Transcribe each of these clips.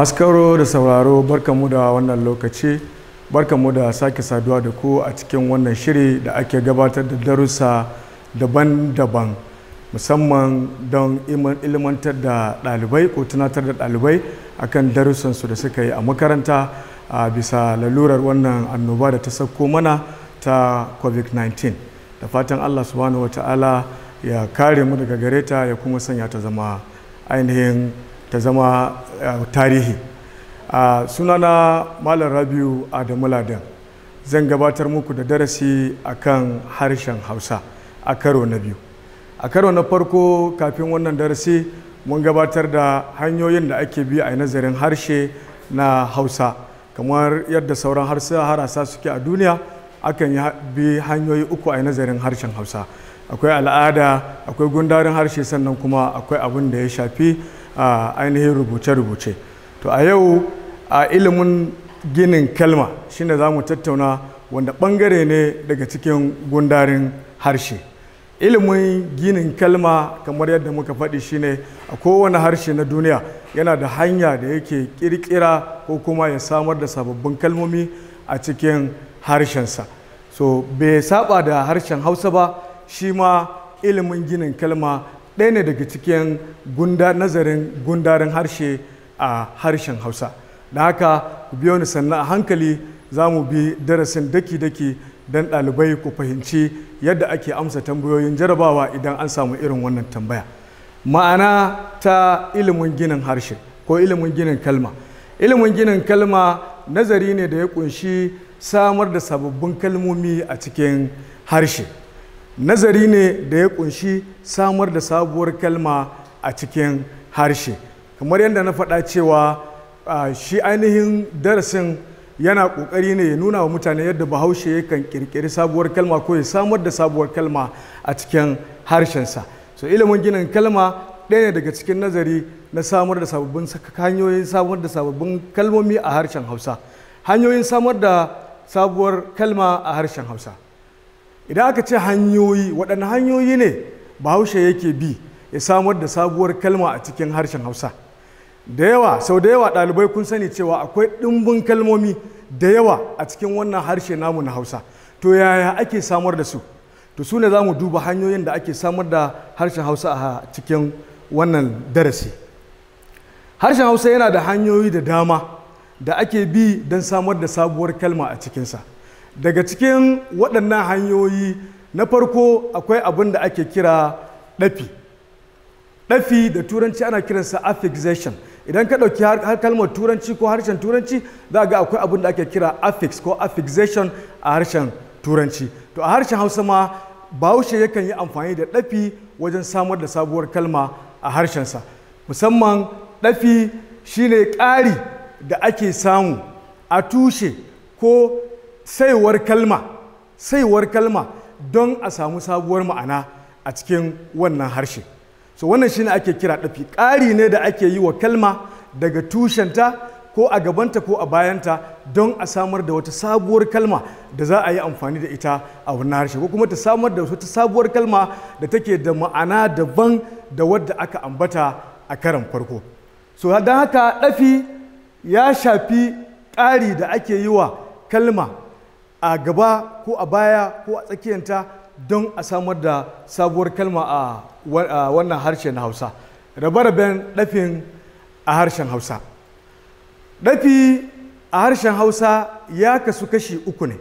masu da sauraro barkamu da wannan lokaci barkamu da sake saduwa da ku a cikin wannan shiri da ake gabatar da darussa daban-daban musamman don ilmantar da ɗalibai ko tunatar da ɗalibai akan darussansu da suka yi a makaranta a bisa lalurar wannan annoba da ta sauko mana ta covid-19 da fatan allah subhanahu wa ta'ala ya kare mu daga gareta ya kuma sanya ta zama ainihin ta zama eh, tarihi a sunana malam rabiu adamu ladan zan gabatar muku da darasi akan harshen hausa a karo na biyu a karo na farko kafin wannan darasi mun gabatar da hanyoyin da ake bi a nazarin harshe na hausa kamar yadda sauran harasa suke a duniya akan bi hanyoyi uku a nazarin harshen hausa akwai al'ada akwai gundarin harshe sannan kuma akwai abin da ya shafi a ainihin rubuce-rubuce to a yau a ilimin ginin kalma shine za mu tattauna wanda bangare ne daga cikin gundarin harshe ilimin ginin kalma kamar yadda muka faɗi shine a kowane harshe na duniya yana da hanya da yake ƙirƙira ko kuma ya samar da sababbin kalmomi a cikin harshensa so bai saba da harshen hausa ba shi ma ilimin ginin kalma ɗaya ne daga cikin gunda nazarin gundarin harshe a harshen hausa da haka ku biyo ni sannan a hankali za mu bi darasin daki-daki don ɗalibai ku fahimci yadda ake amsa tambayoyin jarabawa idan an samu irin wannan tambaya ma'ana ta ilimin ginin harshe ko ilimin ginin kalma ilimin ginin kalma nazari ne da ya kunshi samar da sababbin kalmomi a cikin harshe nazari ne da ya kunshi samar da sabuwar kalma a cikin harshe kamar yadda na faɗa cewa shi ainihin darasin yana ƙoƙari ne ya nuna wa mutane yadda bahaushe yakan ƙirƙiri sabuwar kalma ko ya samar da sabuwar kalma a cikin harshensa so ilimin ginin kalma ɗaya ne daga cikin nazari na samar da sababbin hanyoyin samar da sababbin kalmomi a harshen hausa hanyoyin samar da sabuwar kalma a harshen hausa idan aka ce hanyoyi waɗanne hanyoyi ne bahaushe yake bi ya samar da sabuwar kalma a cikin harshen hausa da yawa sau da yawa ɗalibai kun sani cewa akwai ɗimbin kalmomi da yawa a cikin wannan harshe namu na hausa to yaya ake samar da su to su ne za mu duba hanyoyin da ake samar da harshen hausa a cikin wannan darasi harshen hausa yana da hanyoyi da dama da ake bi don samar da sabuwar kalma a cikinsa daga cikin waɗannan hanyoyi na farko akwai abin da ake kira ɗafi ɗafi da turanci ana kiransa affixation idan ka ɗauki har kalmar turanci ko harshen turanci za a ga akwai abin da ake kira affix ko affixation a harshen turanci to a harshen hausa ma bahaushe yakan yi amfani da ɗafi wajen samar da sabuwar kalma a harshensa musamman ɗafi shine ƙari da ake samu a tushe ko saiwar kalma saiwar kalma don a samu sabuwar ma'ana a cikin wannan harshe so wannan shine ake kira ɗafi ƙari ne da ake yi wa kalma daga tushenta ko a gabanta ko a bayanta don a samar da wata sabuwar kalma da za a yi amfani da ita a wannan harshe ko kuma ta samar da wata sabuwar kalma da take da ma'ana daban da wadda aka ambata a karan farko so don haka ɗafi ya shafi ƙari da ake yi wa kalma a gaba ko a baya ko a tsakiyanta don a samar da sabuwar kalma a wannan harshen hausa rabe-raben ɗafin a harshen hausa ɗafi a harshen hausa ya kasu kashi uku ne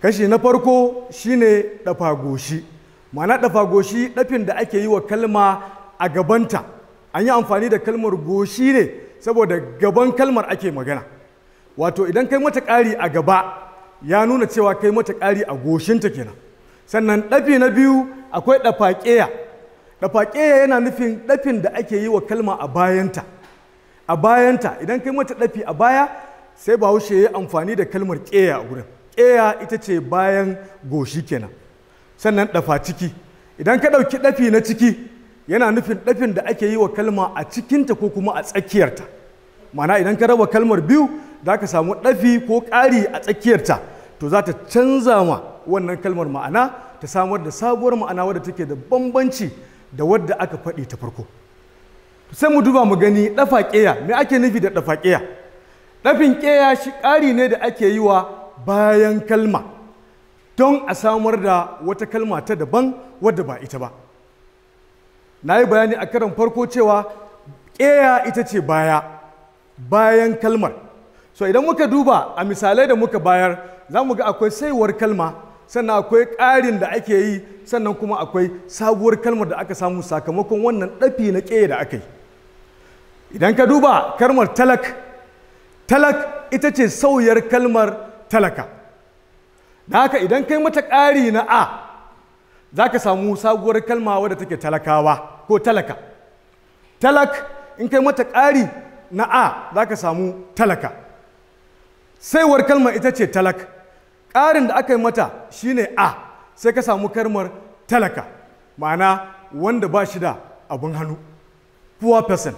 kashi na farko shine ɗafagoshi mana goshi ɗafin da ake yi wa kalma a gabanta an yi amfani da kalmar goshi ne saboda gaban kalmar ake magana wato idan kai mata ƙari a gaba ya nuna cewa kai mata ƙari a goshinta kenan sannan ɗafi na biyu akwai ɗafaƙeya ɗafaƙeya yana nufin ɗafin da ake yi wa kalma a bayanta a bayanta idan kai mata ɗafi a baya sai bahaushe ya yi amfani da kalmar ƙeya a gurin ƙeya ita ce bayan goshi kenan sannan ɗafa ciki idan ka ɗauki ɗafi na ciki yana nufin ɗafin da ake yi wa kalma a cikinta ko kuma a tsakiyarta Mana idan ka raba kalmar biyu za ka samu ɗafi ko ƙari a tsakiyarta to za ta canza ma wannan kalmar ma'ana ta samar da sabuwar ma'ana wadda take da bambanci da wadda aka faɗi ta farko sai mu duba mu gani ɗafa ƙeya me ake nufi da ɗafa ƙeya ɗafin ƙeya shi ƙari ne da ake yi wa bayan kalma don a samar da wata kalma ta daban wadda ba ita ba na yi bayani a karon farko cewa ƙeya ita ce baya bayan kalmar so idan muka duba a misalai da muka bayar za mu ga akwai saiwar kalma sannan akwai ƙarin da ake yi sannan kuma akwai sabuwar kalmar da aka samu sakamakon wannan ɗafi na ƙeye da aka yi idan ka duba kalmar talak talak ita ce sauyar kalmar talaka da haka idan kai mata ƙari na a za ka samu sabuwar kalma wadda take talakawa ko talaka talak in kai mata ƙari na a za ka samu talaka saiwar kalmar ita ce talak ƙarin da aka yi mata shine a sai ka samu kalmar talaka ma'ana wanda ba shi da abun hannu poor person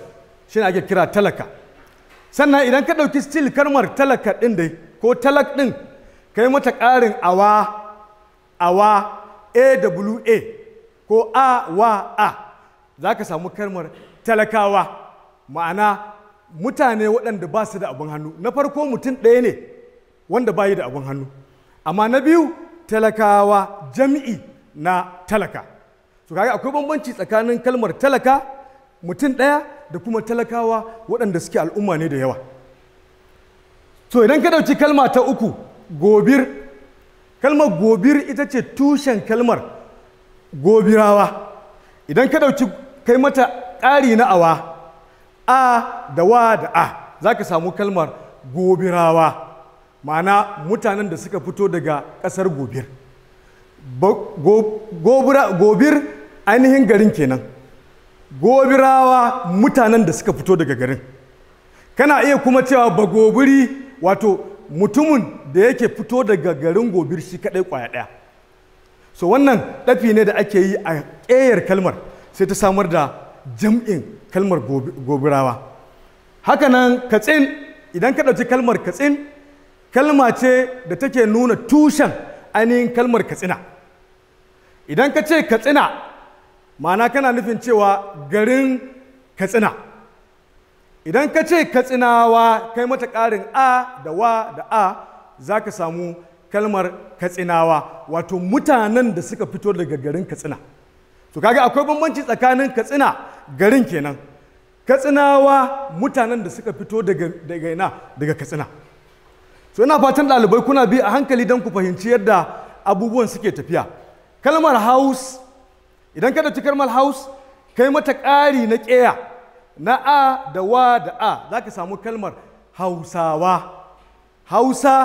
ne ake kira talaka sannan idan ka ɗauki stil kalmar talaka ɗin dai ko talak ɗin ka yi mata ƙarin awa awa awa ko a wa a za ka samu kalmar talakawa ma'ana mutane waɗanda ba su da abin hannu na farko mutum ɗaya ne wanda bayi da abin hannu amma na biyu talakawa jami'i na talaka su kaga akwai bambanci tsakanin kalmar talaka mutum ɗaya da kuma talakawa waɗanda suke al'umma ne da yawa so idan ka ɗauki kalma ta uku gobir kalmar gobir ita ce tushen kalmar gobirawa idan ka ɗauki kai mata ƙari na awa a da wa da a za ka samu kalmar gobirawa ma'ana mutanen da suka fito daga ƙasar gobir gobir ainihin garin kenan gobirawa mutanen da suka fito daga garin kana iya kuma cewa ba gobiri wato mutumin da yake fito daga garin gobir shi kadai kwaya daya so wannan dafi ne da ake yi a ƙeyar kalmar sai ta samar da jam'in kalmar gobirawa hakanan katsin idan ka ɗauki kalmar katsin kalma ce da take nuna tushen ainihin kalmar katsina idan ka ce katsina ma'ana kana nufin cewa garin katsina idan ka ce katsinawa kai mata ƙarin a da wa da a za ka samu kalmar katsinawa wato mutanen da suka fito daga garin katsina to kaga akwai bambanci tsakanin katsina garin kenan katsinawa mutanen da suka fito daga ina daga katsina so ina fatan dalibai kuna bi a hankali don ku fahimci yadda abubuwan suke tafiya kalmar house idan ka dauki kalmar house kai mata ƙari na ƙeya na a da wa da a za ka samu kalmar hausawa hausa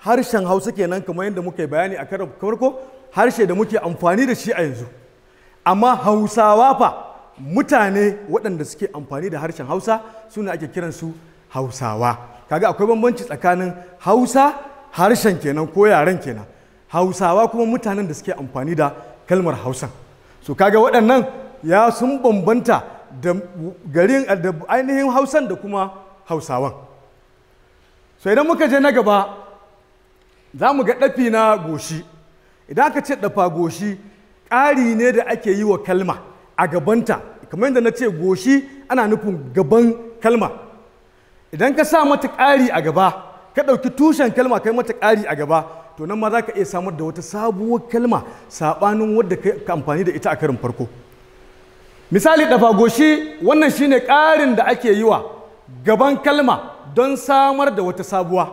harshen hausa kenan kamar yadda muka bayani a karar harshe da muke amfani da shi a yanzu amma hausawa fa mutane waɗanda suke amfani da harshen hausa suna ake kiransu hausawa kaga akwai bambanci tsakanin hausa harshen kenan ko yaren kenan hausawa kuma mutanen da suke amfani da kalmar hausan so kaga waɗannan ya sun bambanta da garin da ainihin hausan da kuma hausawan so idan muka je na gaba za mu ga ɗafi na goshi idan aka ce ɗafa goshi ƙari ne da ake yi wa kalma a gabanta kamar yadda na ce goshi ana nufin gaban kalma idan ka sa mata ƙari a gaba ka ɗauki tushen kalma kai mata ƙari a gaba to nan ma za ka iya samar da wata sabuwar kalma saɓanin wadda ka amfani da ita a karin farko misali ɗafa goshi wannan shine ƙarin da ake yi wa gaban kalma don samar da wata sabuwa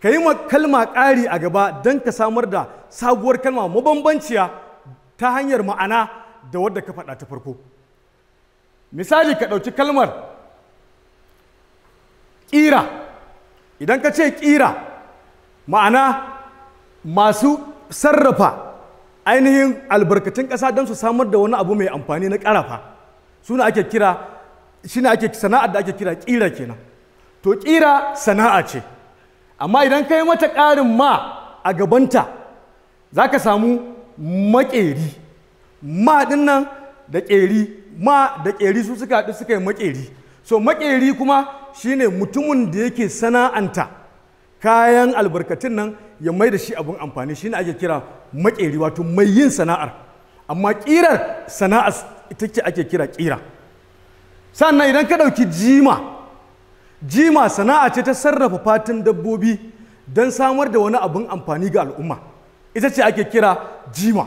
ka yi ma kalma ƙari a gaba don ka samar da sabuwar kalma mabambanciya ta hanyar ma'ana da wadda ka faɗa ta farko misali ka ɗauki kalmar ƙira idan ka ce ƙira ma'ana masu sarrafa ainihin albarkatun ƙasa don su samar da wani abu mai amfani na ƙarafa suna ake kira shi ake sana'ar da ake kira ƙira kenan to ƙira sana'a ce amma idan ka yi mata ƙarin ma a gabanta za ka samu makeri ma din nan da keri ma da keri su suka haɗu suka yi makeri so makeri kuma shine mutumin da yake sana'anta kayan albarkatun nan ya mai da shi abin amfani shine ake kira makeri wato mai yin sana'ar amma kirar sana'a ita ce ake kira kira sannan idan ka ɗauki jima jima sana'a ce ta sarrafa fatin dabbobi don samar da wani abin amfani ga al'umma ita ce ake kira jima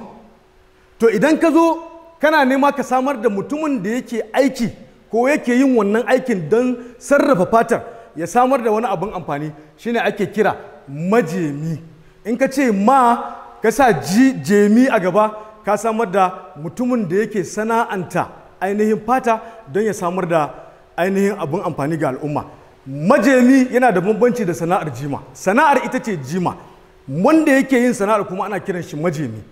to idan ka zo kana nema ka samar da mutumin da yake aiki ko yake yin wannan aikin don sarrafa fatar ya samar da wani abin amfani shine ake kira majemi in ka ce ma ka sa jemi a gaba ka samar da mutumin da yake sana'anta ainihin fata don ya samar da ainihin abin amfani ga al'umma majemi yana da bambanci da sana'ar jima sana'ar ita ce jima wanda yake yin sana'ar kuma ana kiran shi majemi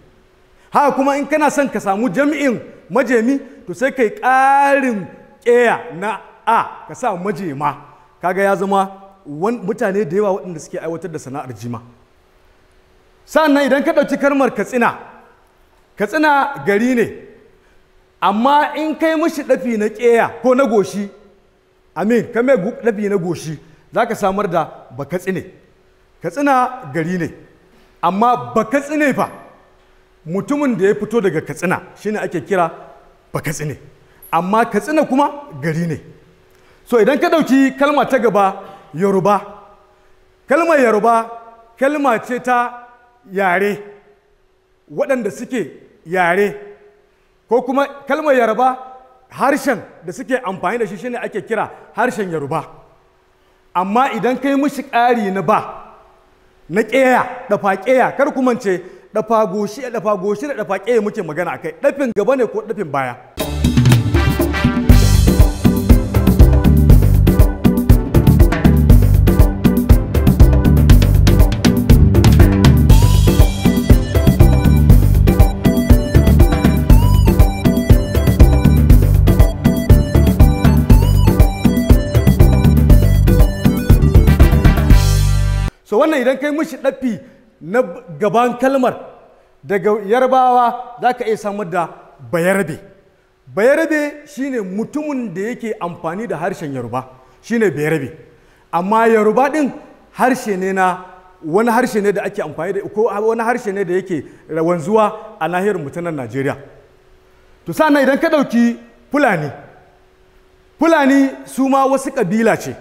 haka kuma in kana son ka samu jami'in majemi to sai kai ƙarin ƙeya na a ka sa majema kaga ya zama mutane da yawa waɗanda suke aiwatar da sana'ar jima sannan idan ka ɗauki kalmar katsina katsina gari ne amma in kai mishi ɗafi na ƙeya ko na goshi amin ka mai ɗafi na goshi za ka samar da ba katsine katsina gari ne amma baka tsine fa mutumin da ya fito daga katsina shine ake kira baka tsine amma katsina kuma gari ne so idan ka ɗauki kalma ta gaba yoruba kalma yoruba kalma ce ta yare waɗanda suke yare ko kuma kalmar yoruba harshen da suke amfani da shi shine ake kira harshen yoruba amma idan ka yi mushi ƙari na ba na ƙeya dafa ƙeya kar ku mance dafa goshi dafa goshi da dafa ƙeya muke magana akai dafin gaba ne ko dafin baya so wannan idan kai mishi ɗafi na gaban kalmar daga yarbawa za ka iya samar da bayarabe bayarbe shine mutumin da yake amfani da harshen yaruba shine bayarbe amma yaruba din harshe ne na wani harshe ne da ake amfani da ko wani harshe ne da yake wanzuwa a nahiyar mutanen najeriya to sannan idan ka ɗauki fulani fulani su ma wasu ƙabila ce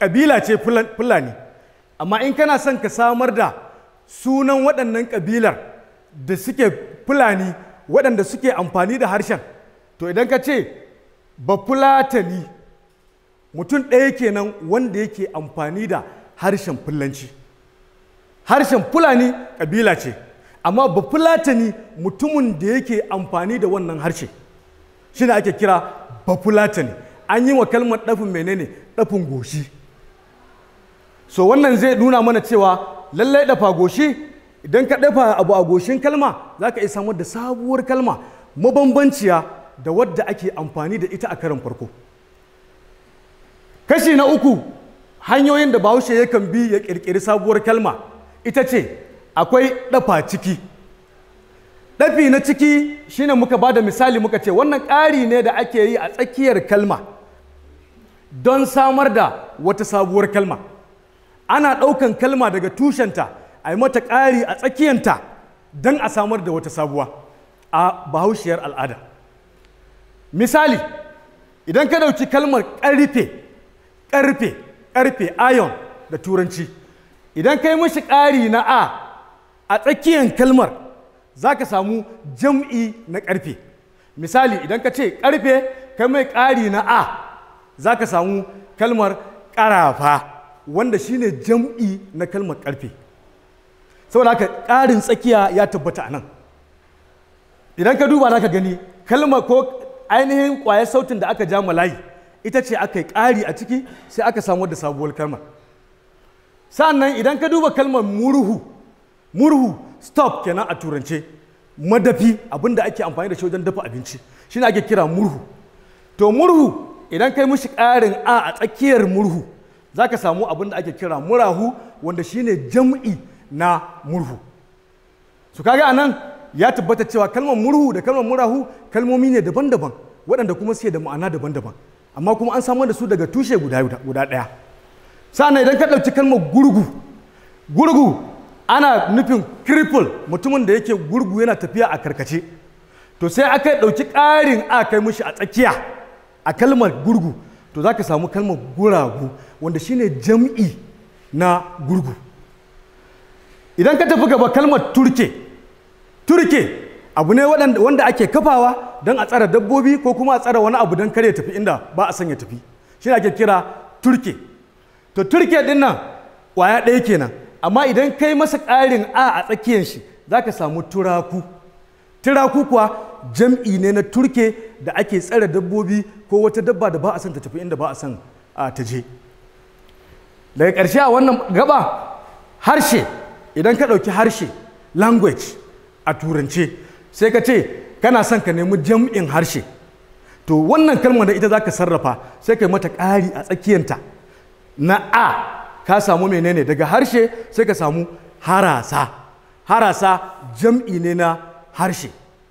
ƙabila ce fulani amma in kana son ka samar da sunan waɗannan ƙabilar da suke fulani waɗanda suke amfani da harshen to idan ka ce ba fulatani mutum ɗaya kenan wanda yake amfani da harshen fulanci harshen fulani ƙabila ce amma ba fulatani mutumin da yake amfani da wannan harshe shi ake kira ba fulatani an yi wa kalmar ɗafin menene ɗafin goshi so wannan zai nuna mana cewa lallai dafa goshi idan ka dafa abu a goshin kalma za ka iya samar da sabuwar kalma mabambanciya da wadda ake amfani da ita a karin farko kashi na uku hanyoyin da bahaushe yakan bi ya ƙirƙiri sabuwar kalma ita ce akwai dafa ciki ɗafi na ciki shine muka ba da misali muka ce wannan ƙari ne da ake yi a tsakiyar kalma don samar da wata sabuwar kalma ana ɗaukan kalma daga tushenta a yi mata ƙari a tsakiyanta don a samar da wata sabuwa a bahaushiyar al'ada misali idan ka ɗauki kalmar ƙarfe ƙarfe ƙarfe ayon da turanci idan ka yi mashi ƙari na a a tsakiyar kalmar za ka samu jam'i na ƙarfe misali idan ka ce ƙarfe ka mai ƙari na a za ka samu kalmar ƙarafa wanda shine jam'i na kalmar karfe saboda haka ƙarin tsakiya ya tabbata a nan idan ka duba ka gani kalmar ko ainihin ƙwayar sautin da aka ja malayi ita ce aka yi ƙari a ciki sai aka samu da sabuwar kalmar sa'annan idan ka duba kalmar murhu murhu stop kenan a turance madafi abinda ake amfani da shi wajen dafa abinci shine ake kira murhu to murhu idan ka kai mishi ƙarin a a tsakiyar murhu za ka samu abin da ake kira murahu wanda shine jam'i na murhu su kaga anan ya tabbata cewa kalmar murhu da kalmar murahu kalmomi ne daban-daban waɗanda kuma suke da ma'ana daban-daban amma kuma an samar da su daga tushe guda ɗaya sa'an idan ka ɗauki kalmar gurgu gurgu ana nufin cripple mutumin da yake gurgu yana tafiya a karkace to sai aka ɗauki ƙarin a kai mishi a tsakiya a kalmar gurgu to za ka samu kalmar guragu wanda shine jam'i na gurgu idan ka tafi gaba kalmar turke turke abu ne wanda ake kafawa don a tsara dabbobi ko kuma a tsara wani abu don kare tafi inda ba a sanya tafi shi ake kira turke to turke din nan kwaya ɗaya kenan amma idan ka yi masa ƙarin a a tsakiyar shi za ka samu turaku turaku kuwa jam'i ne na turke da ake tsara dabbobi ko wata dabba da ba a son ta tafi inda ba a son ta je daga ƙarshe a wannan gaba harshe idan ka ɗauki harshe language a turance sai ka ce kana son ka nemi jam'in harshe to wannan kalmar da ita za ka sarrafa sai ka yi mata ƙari a tsakiyanta na a ka samu menene daga harshe sai ka samu harasa harasa jam'i ne na harshe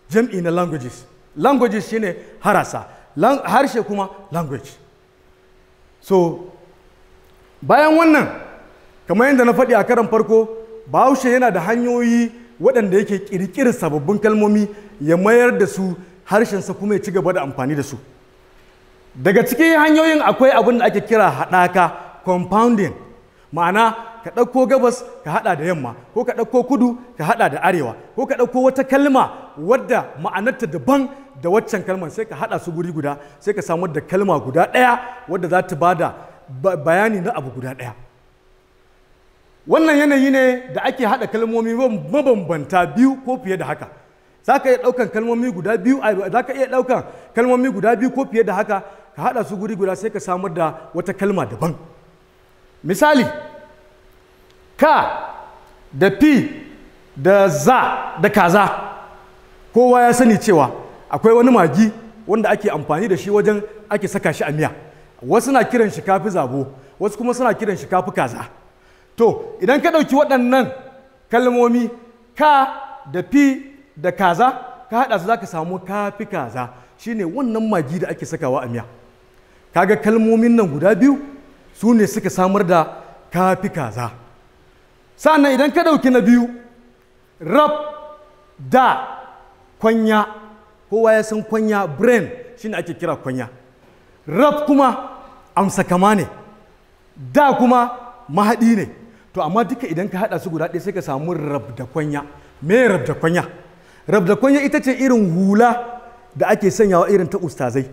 jam'i na languages languages shine harasa harshe kuma language so bayan wannan kamar yadda na faɗi a karan farko bahaushe yana da hanyoyi waɗanda yake ƙirƙirar sababbin kalmomi ya mayar da su harshensa kuma ya ci gaba da amfani da su daga cikin hanyoyin akwai abin da ake kira haɗaka compounding ma'ana ka ɗauko gabas ka haɗa da yamma ko ka ɗauko kudu ka haɗa da arewa ko ka ɗauko wata kalma wadda ma'anarta daban da waccan kalmar sai ka haɗa su guri guda sai ka samar da kalma guda ɗaya wadda za ta bada bayani na abu guda ɗaya wannan yanayi ne da ake haɗa kalmomi mabambanta biyu ko fiye da haka za ka iya ɗaukan kalmomi guda biyu iya ɗaukan kalmomi guda biyu ko fiye da haka ka haɗa su guri guda sai ka samar da wata kalma daban misali ka da fi da za da kaza kowa ya sani cewa akwai wani magi wanda ake amfani da shi wajen ake saka shi a miya wasu na kiran shi kafi zabo wasu kuma suna kiran shi kafi kaza to idan ka ɗauki waɗannan kalmomi ka da fi da kaza ka haɗa su za ka samu kafi kaza shine wannan magi da ake sakawa a miya kaga kalmomin nan guda biyu su ne suka samar da kafi kaza sannan idan ka ɗauki na biyu rab da kwanya kowa ya san kwanya brain shine ake kira kwanya rab kuma amsa kama ne da kuma mahaɗi ne to amma duka idan ka haɗa su guda ɗaya sai ka samu rabda kwanya me rabda kwanya rabda kwanya ita ce irin hula da ake sanyawa irin ta ustazai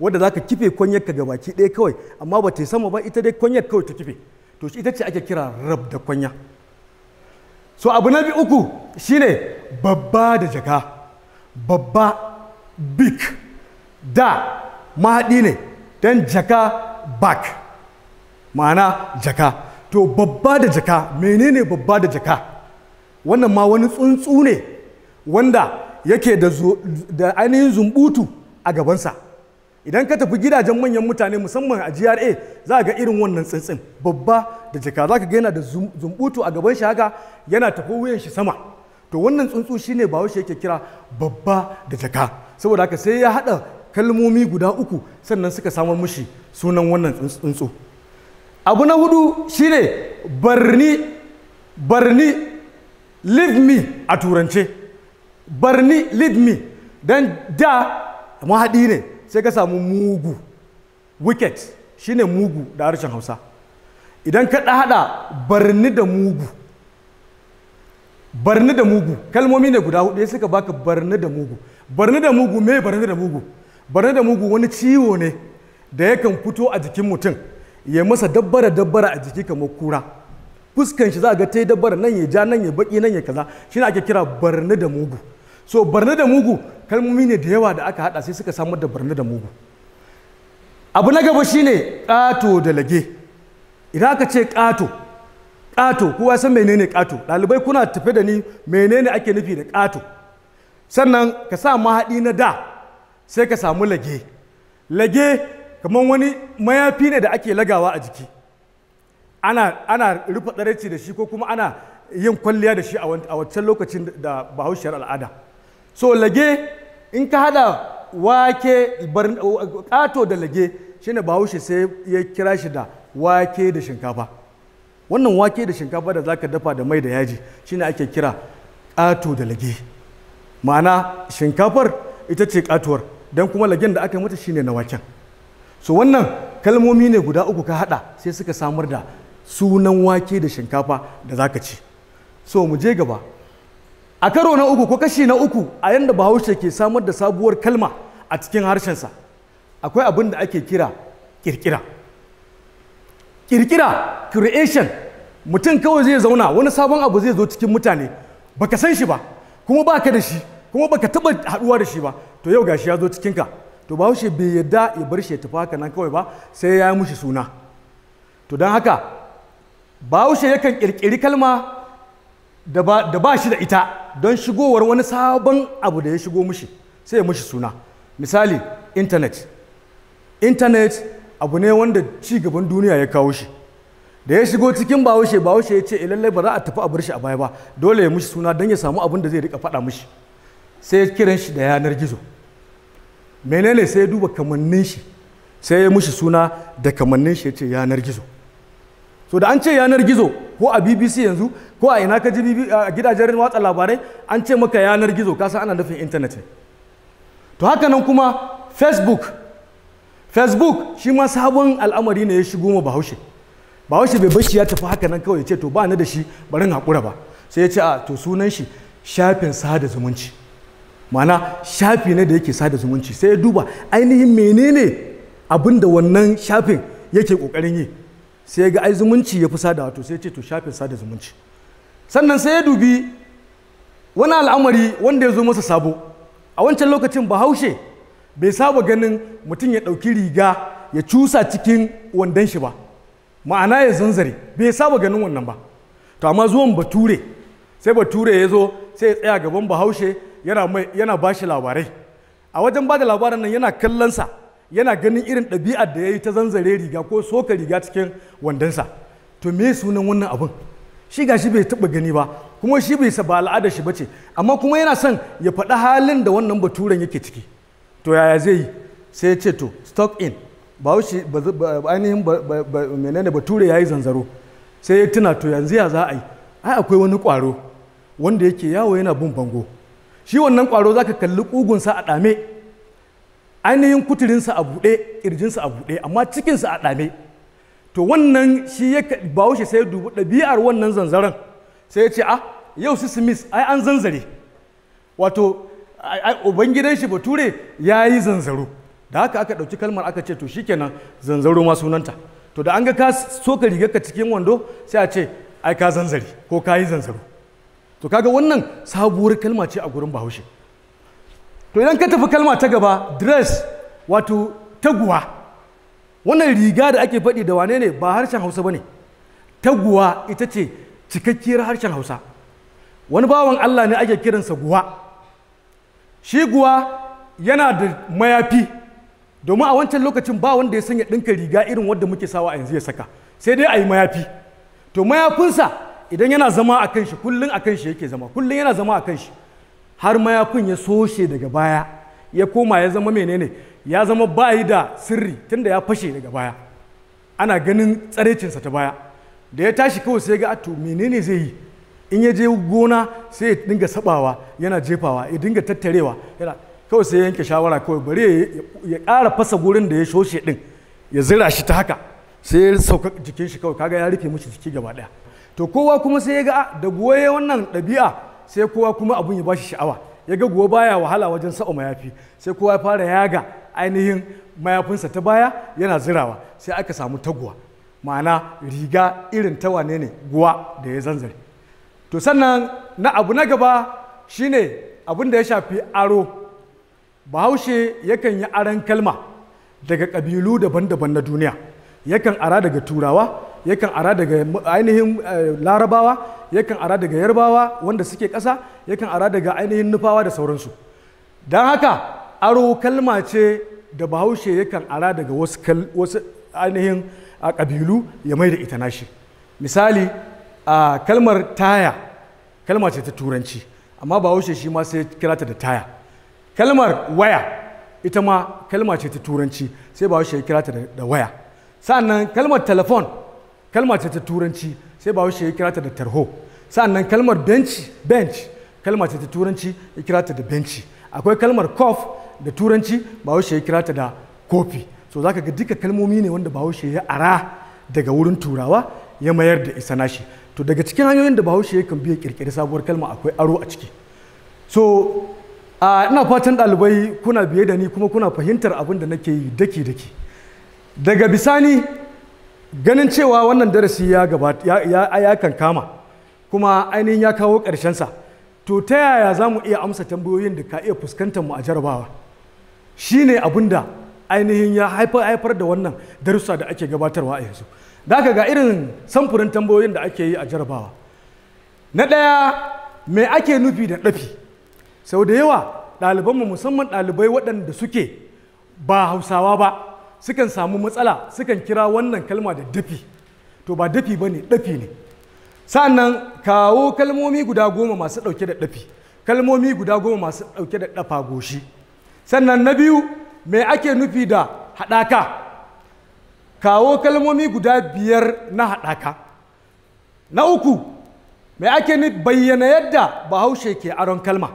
wadda za ka kife kwanyar ka gabaki ɗaya kawai amma ba ta sama ba ita dai kwanyar kawai ta kife to ita ce ake kira rabda kwanya so abu na bi uku shine babba da jaka babba big da mahaɗi ne don jaka back ma'ana jaka to babba da jaka menene babba da jaka wannan ma wani tsuntsu ne wanda yake da, ainihin zumbutu a gabansa idan ka tafi gidajen manyan mutane musamman a GRA za ga irin wannan tsintsin babba da jaka za ka ga yana da zumbutu a gaban shi haka yana tafi wuyan shi sama to wannan tsuntsu shine ba shi yake kira babba da jaka saboda haka sai ya haɗa kalmomi guda uku sannan suka samar mushi sunan wannan tsuntsu abu na hudu shine barni barni leave me a turance barni leave me don da mahaɗi ne sai ka samu mugu wicket shine mugu da harshen hausa idan ka haɗa barni da mugu barni da mugu kalmomi ne guda hudu suka baka barni da mugu barni da mugu me barni da mugu barni da mugu wani ciwo ne da yakan fito a jikin mutum ya masa dabbara dabbara a jiki kamar kura fuskan shi za ga ta yi dabbara nan ya ja nan ya baki nan ya kaza shi ake kira barna da mugu so barna da mugu kalmomi ne da yawa da aka hada sai suka samar da barna da mugu abu na gaba shine kato da lage idan aka ce ƙato ƙato kowa san menene kato? ɗalibai kuna tafe da ni menene ake nufi da ƙato sannan ka sa mahaɗi na da sai ka samu lage lage kamar wani mayafi ne da ake lagawa a jiki ana ana rufe tsaraici da shi ko kuma ana yin kwalliya da shi a waccan lokacin da bahaushiyar al'ada so lage in ka hada wake kato da lage shi ne bahaushe sai ya kira shi da wake da shinkafa wannan wake da shinkafa da zaka dafa da mai da yaji shi ne ake kira kato da lage ma'ana shinkafar ita ce katuwar don kuma lagen da aka yi mata shine na waken so wannan kalmomi ne guda uku ka hada sai suka samar da sunan wake da shinkafa da zaka ci so mu je gaba a karo na uku ko kashi na uku a yadda bahaushe ke samar da sabuwar kalma a cikin harshensa akwai abin da ake kira kirkira kirkira creation mutum kawai zai zauna wani sabon abu zai zo cikin mutane baka san shi ba kuma baka da shi kuma baka taba haduwa da shi ba to yau gashi ya zo cikinka to bahaushe bai yadda ya bar shi ya tafi haka nan kawai ba sai ya yi mushi suna to don haka bahaushe yakan ƙirƙiri kalma da ba shi da ita don shigowar wani sabon abu da ya shigo mushi sai ya mushi suna misali intanet intanet abu ne wanda ci gaban duniya ya kawo shi da ya shigo cikin bahaushe bahaushe ya ce eh, lallai ba za a tafi a bar shi a baya ba dole ya mushi suna don ya samu abin da zai rika faɗa mushi sai kiran shi da yanar gizo menene sai ya duba kamannin shi sai ya mushi suna da kamannin shi ya ce yanar gizo so da an ce yanar gizo ko a bbc yanzu ko a ina ka ji gidajen watsa labarai an ce maka yanar gizo kasa ana nufin intanet ne to haka nan kuma facebook facebook shi ma sabon al'amari ne ya shigo ma bahaushe bahaushe bai bashi ya tafi haka nan kawai ya ce to ba ni da shi bari haƙura ba sai ya ce a to sunan shi shafin sada zumunci ma'ana shafi ne da yake sada zumunci sai ya duba ainihin menene abin da wannan shafin yake kokarin yi sai ga ai zumunci ya fi sada wato sai ce to shafin sada zumunci sannan sai ya dubi wani al'amari wanda ya zo masa sabo a wancan lokacin bahaushe bai saba ganin mutum ya ɗauki riga ya cusa cikin wandon shi ba ma'ana ya zanzare bai saba ganin wannan ba to amma zuwan bature sai bature ya zo sai ya tsaya gaban bahaushe yana ba shi labarai a wajen ba da labarin nan yana kallonsa yana ganin irin ɗabi'ar da ya yi ta zanzare riga ko soka riga cikin wandonsa to me sunan wannan abin shi ga shi bai taɓa gani ba kuma shi bai ba al'adar shi bace amma kuma yana son ya faɗi halin da wannan baturen yake ciki to yaya zai yi sai ya ce to stock in ba wuce ainihin menene bature ya yi zanzaro sai ya tuna to yanzu ya za a yi ai akwai wani kwaro wanda yake yawo yana bin bango shi wannan ƙwaro za ka kalli ƙugunsa a ɗame ainihin kuturinsa a buɗe ƙirjinsa a buɗe amma cikin sa a ɗame to wannan shi ya shi sai dubu ɗabi'ar wannan zanzaren sai ya ce a ah, yau su smith ai an zanzare wato ubangidan shi bature ya yi zanzaro da haka aka ɗauki kalmar aka ce to shikenan zanzaro ma sunanta to da an ga ka soka rigar ka cikin wando sai a ce ai ka zanzare ko ka yi zanzaro to kaga wannan sabuwar kalma ce a gurin bahaushe to idan ka tafi kalma ta gaba dress wato taguwa wannan riga da ake faɗi da wane ne ba harshen hausa ba ne taguwa ita ce cikakkiyar harshen hausa wani bawan allah ne ake kiransa guwa shi guwa yana da mayafi domin a wancan lokacin ba wanda ya sanya ɗinka riga irin wadda muke sawa a yanzu ya saka sai dai a yi mayafi to mayafinsa idan yana zama a kan kullum a kan shi yake zama kullum yana zama a kan shi har mayakun ya soshe daga baya ya koma ya zama menene ya zama bayi da sirri tunda ya fashe daga baya ana ganin tsarecinsa ta baya da ya tashi kawai sai ga ato menene zai yi in ya je gona sai ya dinga sabawa yana jefawa ya dinga tattarewa yana kawai sai ya yanke shawara kawai bari ya kara fasa gurin da ya shoshe din ya zira shi ta haka sai ya sauka jikin shi kawai kaga ya rufe mishi jiki gaba ɗaya to kowa kuma sai ya ga ah, da goye wannan ɗabi'a sai kowa kuma abin ya ba shi sha'awa ya ga gowa baya wahala wajen sa'o mayafi sai kowa ya fara yaga ainihin mayafinsa ta baya yana zirawa sai aka samu taguwa ma'ana riga irin ta wane ne guwa da ya zanzare to sannan na abu na gaba shine abin da ya shafi aro bahaushe yakan yi aron kalma daga ƙabilu daban-daban na duniya yakan ara daga turawa yakan ara daga ainihin eh, larabawa yakan ara daga yarbawa wanda suke ƙasa yakan ara daga ainihin nufawa da sauransu don haka aro kalma ce da bahaushe yakan ara daga wasu ainihin a ƙabilu ya mai da ita nashi misali a kalmar taya kalma ce ta turanci amma bahaushe shi ma sai kira ta da taya kalmar waya ita ma kalma ce ta turanci sai bahaushe ya kira da waya sannan kalmar telefon Kalmar ce ta turanci sai ba ya kira ta da tarho nan kalmar bench bench kalma ce ta turanci ya kira ta da benci akwai kalmar kof da turanci ba ya kira ta da kofi so zaka ga duka kalmomi ne wanda ba ya ara daga wurin turawa ya mayar da isa nashi to daga cikin hanyoyin da bahaushe yakan biya kirkiri sabuwar kalma akwai aro a ciki so ina fatan ɗalibai kuna biye da ni kuma kuna fahimtar abin da nake daki daki daga bisani ganin cewa wannan darasi ya gabata ya kan kama kuma ainihin ya kawo sa to ta yaya za mu iya amsa tambayoyin da ka iya fuskantar mu a jarabawa shine abin da ainihin ya haifar haifar da wannan darussa da ake gabatarwa a yanzu da aka ga irin samfurin tambayoyin da ake yi a jarabawa na ɗaya me ake nufi da ɗafi sau da yawa mu musamman ɗalibai waɗanda suke ba hausawa ba sukan samu matsala sukan kira wannan kalma da dafi to ba dafi ba ne dafi ne sa'annan kawo kalmomi guda goma masu ɗauke da dafi kalmomi guda goma masu ɗauke da ɗafa goshi sannan na biyu mai ake nufi da haɗaka kawo kalmomi guda biyar na haɗaka na uku me ake bayyana yadda bahaushe ke aron kalma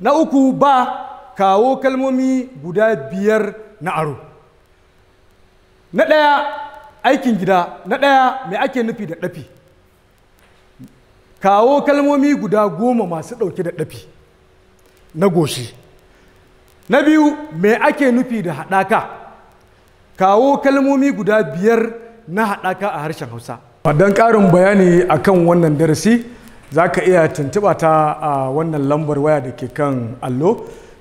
na uku ba kawo kalmomi guda biyar na aro na ɗaya aikin gida na ɗaya mai ake nufi da ɗafi kawo kalmomi guda goma masu ɗauke da ɗafi na goshi na biyu mai ake nufi da haɗaka kawo kalmomi guda biyar na haɗaka a harshen hausa don ƙarin bayani akan wannan darasi za ka iya tuntuɓa ta a wannan lambar waya da ke kan allo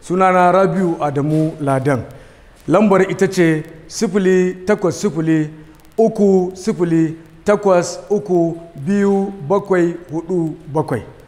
sunana rabiu adamu ladan lambar ita ce sifili takwas sifili uku sifili takwas uku biyu bakwai hudu bakwai